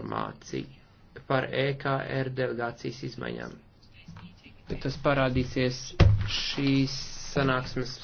informāciju par EKR delegācijas izmaiņām. Tas parādīsies šīs sanāksmes